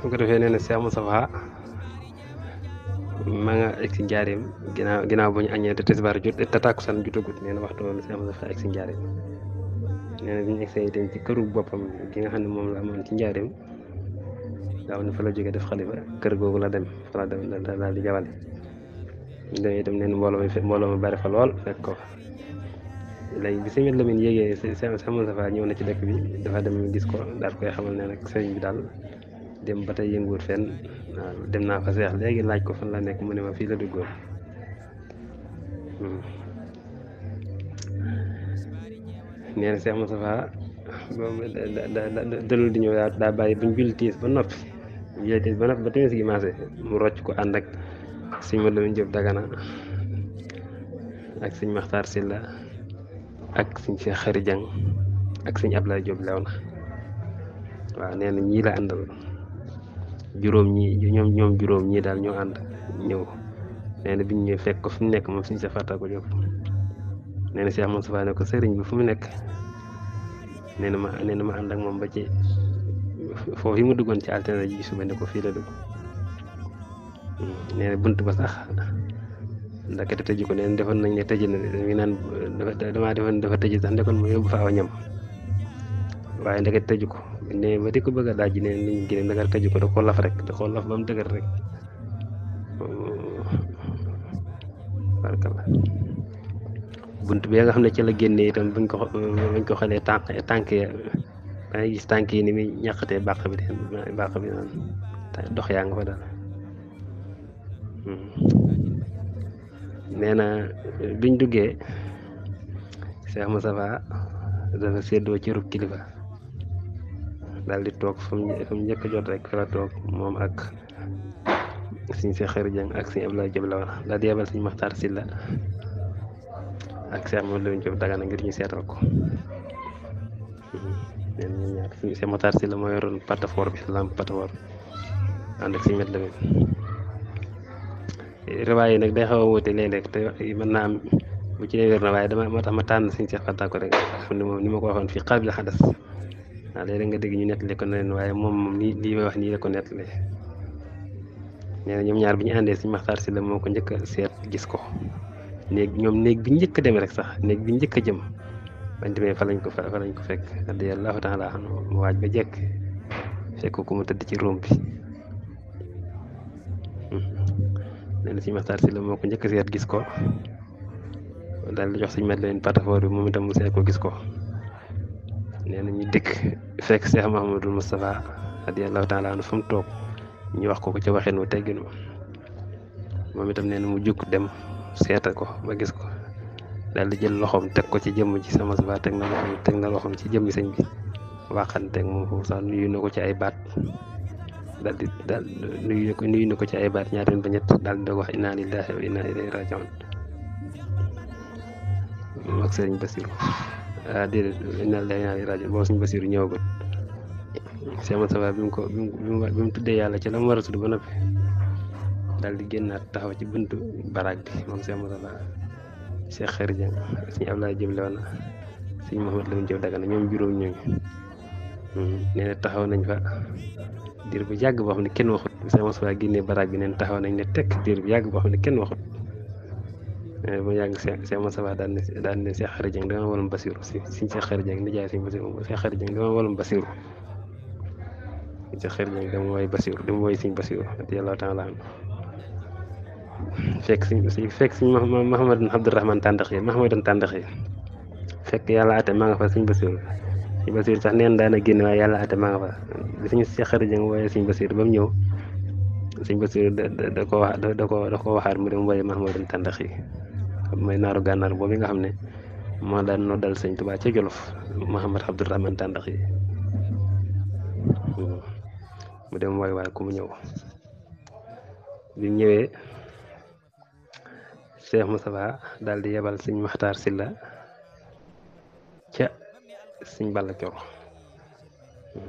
bu ko defee nee na Cheikh Moustapha ma nga egg si njaareem ginnaaw ginnaaw bu ñu añee te tisbaar jot te takkusaan jotagut nee na waxtu woon Cheikh Moustapha egg si njaareem nee na bi ci këru boppam ki nga xam ne moom la amoon ci njaareem daaw ni fa la jógee def xalifa kër googu la dem fa la dem daal di jabale demee itam nee na mbooloo mi bari fa lool fekk ko léegi bi sëñ Mate Lamine yéegee si sëñ ñëw na ci dëkk bi dafa dem gis ko daal koy xamal ne nag sëriñ bi daal dem ba tey yënguwut fenn waaw dem naa fa seex léegi laaj ko fan la nekk mu ne ma fii la duggoon hmm. nee di ñëw daa bàyyi buñ ba noppi buñ julli tiis ba noppi ba timis gi mu rocc ko ànd ak sëñ Mate Lamine Diop Dagana ak sëñ Maxtaar Silla ak suñ Cheikh Khary Dieng ak suñ Abdoulaye Diop Léona waaw nee na ñii la àndal juróom ñi ñoom ñoom juróom ñii daal ñoo ànd ñëw nee na bi ñu ñëw fekk ko fi mu nekk moom suñu sa fàtta ko jóg nee na Cheikh Moustapha ne ko sëriñ bi fu mu nekk nee na ma nee na ma moom ba ci foofu yi mu duggoon ci alternative ji suba ne ko fii la dugg mm, nee bunt ba sax ndakete tëji ko neen defoon nañ ne tëji na mi naan damaa defoon dafa tëji sax ndekoon mu yóbbu fa ñam waaye ndakete tëju ko ne ba di ko bëgg a daaj ne niñ gine ndakar tëju ko da laf rek da koo laf ba mu dëgër bunt bi nga xam ne ci la génnee itam buñ ko buñ ko xalee tànk tànk ya da ngay gis tànk yi ni muy ñàqatee bàq bi de bàq dox yaa nga fa daal hmm. nee na biñ duggee Cheikh Moustapha dafa séddoo cërub kilifa daal di toog fa mu njëkk jot rek fa la moom ak suñ Cheikh Khary Dieng ak suñ Abdoulaye Diop daal di yebal suñ Makhtar Sylla ak Cheikh Modou Lewin Diop Dagana ngir ñu seetal ko neen ñu ñaar suñ Cheikh Makhtar Sylla moo yoroon patafort bi lamp patafort ak suñ met la riwaay nag day xaw a wuute léeg-léeg te mën naa am bu ci ne na waaye dama moo tax ma tànn suñu Seex Fanta ko rek xam ne moom ni ma ko waxoon fii xabil xadas waaw léeg-léeg nga dégg ñu nettali ko neneen waaye moom moom lii lii may wax nii la ko nettali nee na ñoom ñaar bi ñu àndee suñu maxtaar si la moo ko njëkk a seet gis ko néeg ñoom néeg bi njëkk a rek sax néeg bi njëkk a jëm bañ demee fa lañ ko fa lañ ko fekk addi yàllaahu taala waaj ba jekk fekk ko mu tëdd ci róom bi nee na sëñ si la moo ko njëkk seet gis ko daal di jox sëñ mat leen passeport bi moom itam mu seet ko gis ko nee na ñu dikk fekk Cheikh Mahamadou Moustapha radiyallahu taala anhu fa mu toog ñu wax ko ko ca waxin wu teggin ma moom itam nee na mu jukk dem seetal ko ba gis ko daal di jël loxoom teg ko ci jëmm ci sama Moustapha teg na loxoom teg na loxoom ci jëmmi sëñ bi waxanteeg moom foofu sax nuyu na ko ci ay baat daal di daal nuyu na ko ko ci ay baat ñaar yoon ba ñett wax inna lillahi wa inna ilayhi rajiun ak sëriñ Basiru ah déedéet inna lillahi wa inna ilayhi rajiun boobu sëriñ Basiru ñëwagul sëriñ Moustapha bi mu ko bi mu tuddee yàlla ci la mu war a tudd ba noppi daal di génnaat taxaw ci buntu baraag bi moom sëriñ Moustapha Cheikh Xari Dieng sëriñ Abdoulaye Diop Léona sëriñ Mouhamed Lamine Diop Dagana ñoom juróom ñooñu hmm, nee taxaw nañ fa. diir bu yàgg boo xam ne kenn waxut Sëriñ Moussa génnee baraag bi neen taxaw nañ ne tekk diir bu yàgg boo xam ne kenn waxut eh, bu yàgg Sëriñ Moussa daan ne daan ne Cheikh Khary Dieng dama walum Basiru si si Cheikh nijaay si Basiru Cheikh Khary Dieng dama walum Basiru Cheikh Khary Dieng dama woy Basiru dama woy Sëriñ Basiru radiyallahu te anhu fekk si si fekk si Mahamadan Abdourahman Tàndax yi Mahamadan Tàndax yi fekk yàlla ate maa nga fa Sëriñ Basiru suñu basiir sax neen daana génn waaye yàlla ate maa nga fa li suñu seqari jëng wooyee suñu basiir ba mu ñëw suñu basiir da da ko wax da ko da ko waxaat mu dem wooyee Mahmadou mooy naaru gànnaar boobu nga xam ne moo daan noo dal ca Jolof Mahamad Abdourahman Tàndax yi mu dem wooy waay ku mu ñëw bi mu ñëwee Cheikh Moustapha daal di yebal sëñ Maxtaar Silla ca sëñ Balla Coor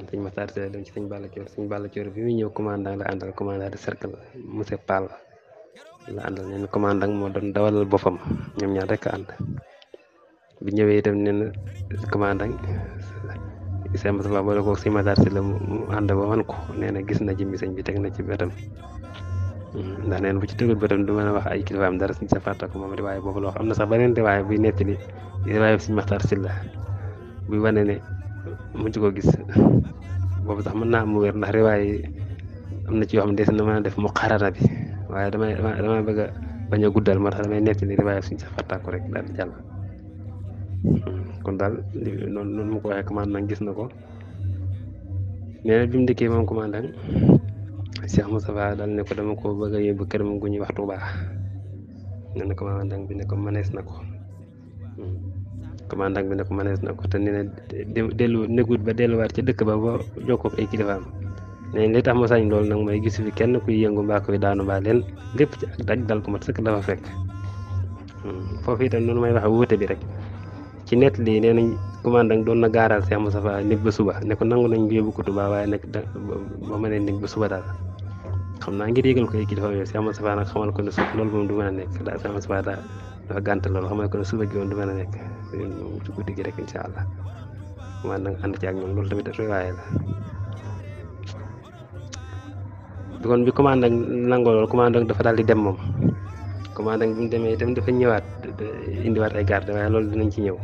sëñ Massar Seye ci sëñ Balla Coor sëñ Balla Coor bi muy ñëw commandant la àndal commandant de cercle monsieur Pall la àndal neen commandant moo doon dawalal boppam ñoom ñaar rek ànd bi ñëwee itam neen commandant sëñ Ba boole ko sëñ Massar Seye la mu ànd ba man ko na gis na jëmmi sëñ bi teg na ci bëtam hmm, ndax neen bu ci tëgul bëtam du mën a wax ay kilifaam dara suñ sa fàttako moom riwaay boobu la wax am na sax beneen riwaay buy nettali riwaay bi suñ Maxtaar Silla buy wane ne mujj ko gis boobu sax mën naa mu wér ndax riwaay yi am na ci yoo xam ne des na mën a def muqarana bi waaye damay damay bëgg a guddal ma tax damay nekk ni riwaay suñ sax fàttaako rek daal di kon daal li noonu mu ko waxee gis na ko nee na bi mu dikkee moom commande nag Cheikh Moustapha daal ne ko dama ko bëgg a yóbbu këram gu ñuy wax Tuubaa nee na commande nag bi ne ko mënees na ko hmm. commandant bi ne ko mënees na ko te nee na dellu négut ba delluwaat ca dëkk ba ba jokkoog ay kilifaam nee li tax ma sañ loolu nag mooy gis fi kenn kuy yëngu mbaa koy daanu mbaa leen lépp ci ak daj dal ko mat sëkk dafa fekk hmm, foofu itam noonu may waxe wuute bi rek ci nett lii nee nañ commandant doon na gaaral Cheikh Moustapha néeg ba suba ne ko nangu nañ yóbbu ko Tuubaa waaye nag ba ma ne néeg ba suba daal xam naa ngir yëgal ko ay kilifaam yooyu Cheikh Moustapha nag a nekk daal Cheikh dafa gànt loolu xam ne kon suba du mën a nekk ci guddi gi rek incha allah man na nga ànd ci ak loolu tamit dafay waaye bi kon bi commande nangoo loolu commande ak dafa daal di dem moom commande ak bi mu demee itam dafa ñëwaat indiwaat ay garde waaye loolu dinañ ci ñëw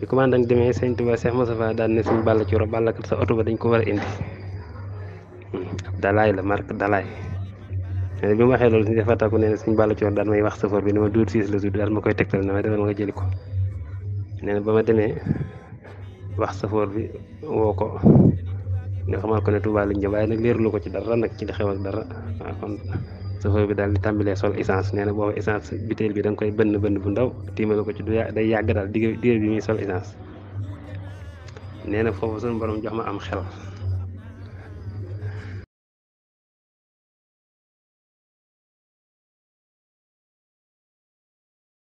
bi commande ak demee sëñ Tuba Cheikh Moustapha daan ne suñ bàll ci woro bàll sa oto ba dañ ko war a indi hmm, ab dalaay la marque dalaay te bi mu waxee loolu suñu defa taku nee na suñu bàlla coon daan may wax safoor bi ne ma duur siis la tudd daal ma koy tegtal ne ko nee na ba ma demee wax safoor bi woo ko nga ko ne Touba lañ jëm waaye nag leerlu ko ci dara nag ci li xew ak dara waaw kon safoor bi daal di tàmbalee sol essence nee na booba essence butéel bi da koy bënn bënn bu ndaw tiimale ko ci du day yàgg daal digg diir bi muy sol essence nee na foofu suñu borom jox ma am xel